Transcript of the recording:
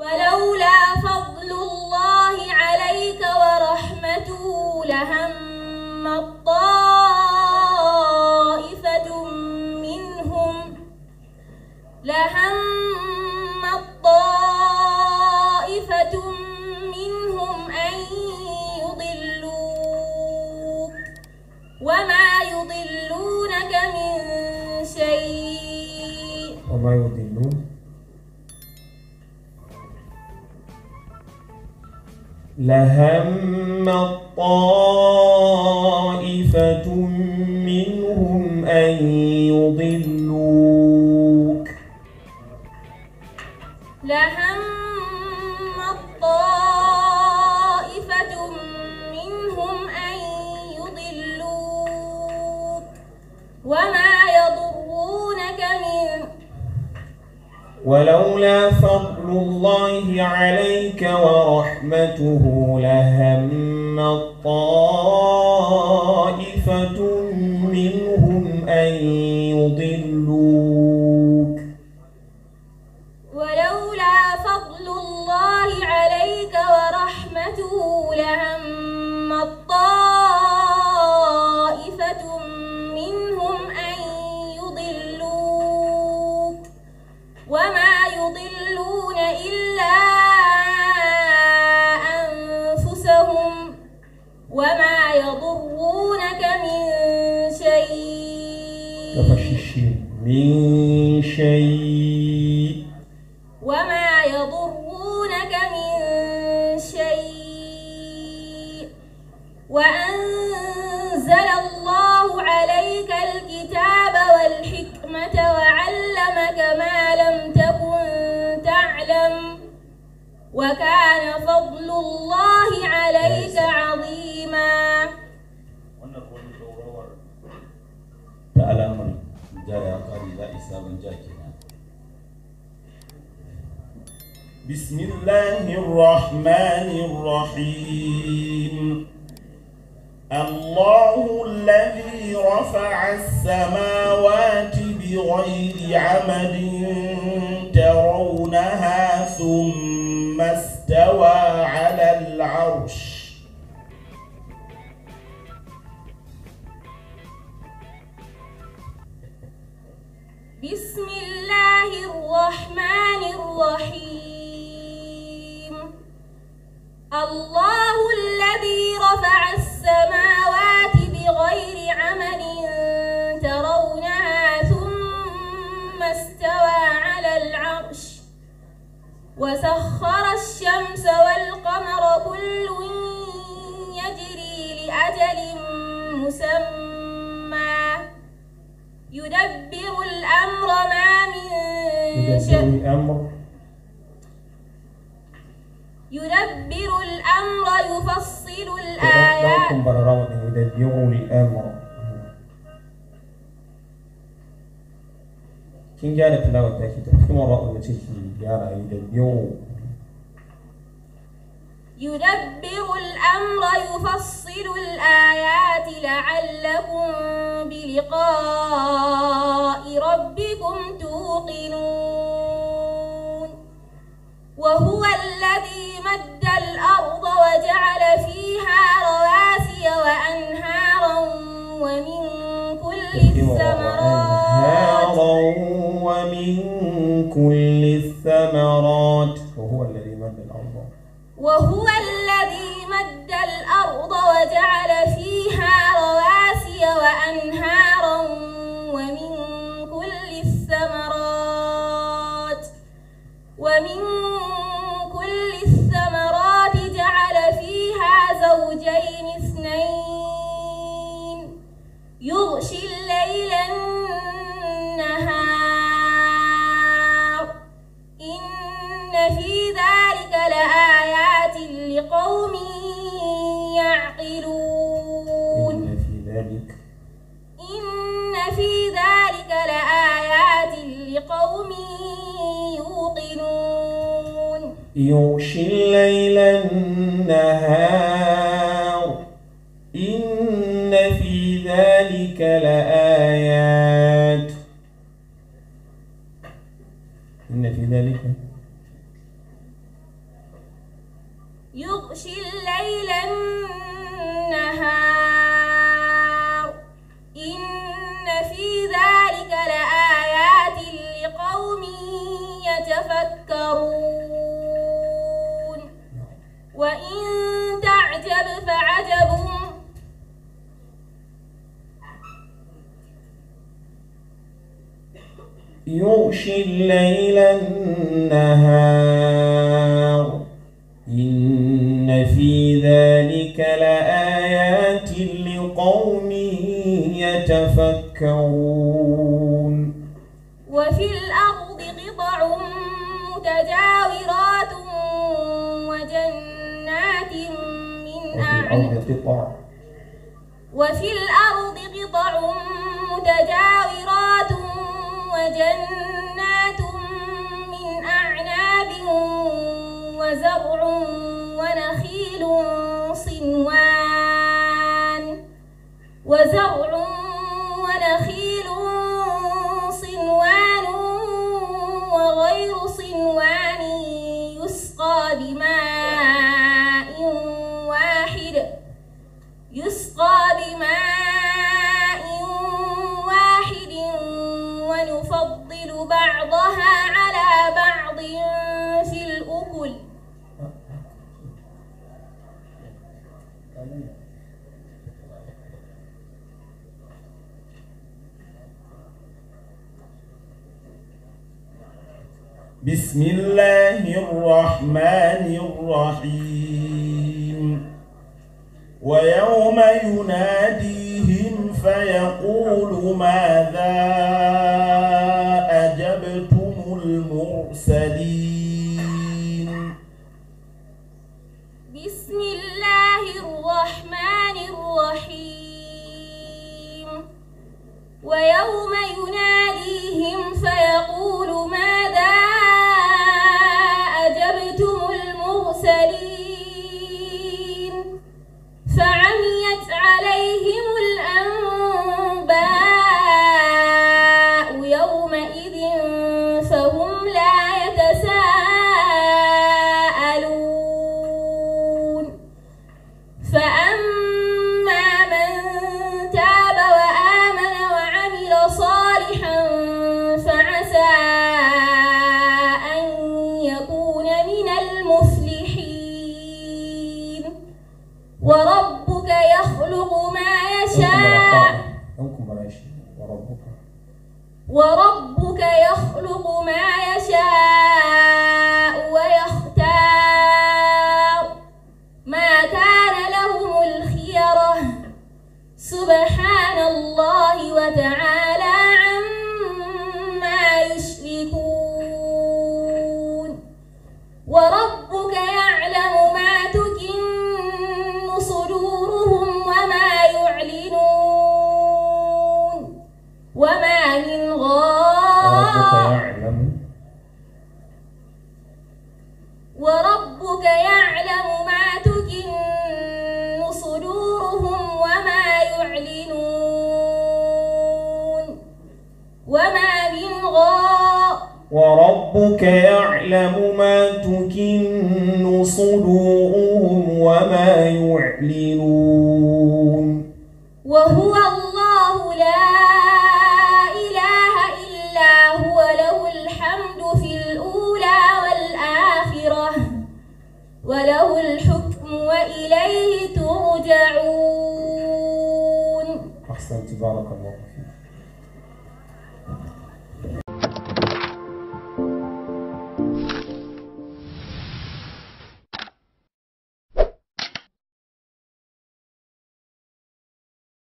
ولولا فضل الله عليك ورحمته لهم الطائفة منهم لهم الطائفة منهم أن يضلوك وما يضلونك من شيء وما يضلون لهم الطائفة منهم أن يضلوك لهم الطائفة منهم أن يضلوك وما ولولا فضل الله عليك ورحمته لهم طائفة منهم أن يضلوا وكان فضل الله عليك عظيما بسم الله الرحمن الرحيم الله الذي رفع السماوات بغير عمل بسم الله الرحمن الرحيم الله الذي رفع السماوات بغير عمل ترونها ثم استوى على العرش وسخر الشمس والقمر كل يجري لأجل مسمى يدبر الأمر ما من يدبر الأمر يدبر الأمر يفصل الآيات يدبر الأمر kin gyara tilawar ta ke ta kuma ra'ayi يدبر الأمر يفصل الآيات لعلكم بلقاء ربكم توقنون وهو الذي مد الأرض وجعل الليل النهار إن في ذلك لآيات لقوم يعقلون إن في ذلك إن في ذلك لآيات لقوم يوقنون يغشي الليل النهار ذلك يغشي الليل النهار يغشي الليل النهار إن في ذلك لآيات لقوم يتفكرون وفي الأرض قطع متجاورات وجنات من أعناب وفي الأرض قطع متجاورات وجنات من أعناب وزرع ونخيل صنوان وزرع بعضها على بعض في الأكل بسم الله الرحمن الرحيم ويوم يناديهم فيقول ماذا المرسلين بسم الله الرحمن الرحيم ويوم يناديهم فيقول ماذا أجبتم المرسلين فعميت عليهم وربك يخلق ما يشاء وربك يعلم ما تكن صدورهم وما يعلنون وما من غائب وربك يعلم ما تكن صدورهم وما يعلنون وهو الله zvala kad mogu.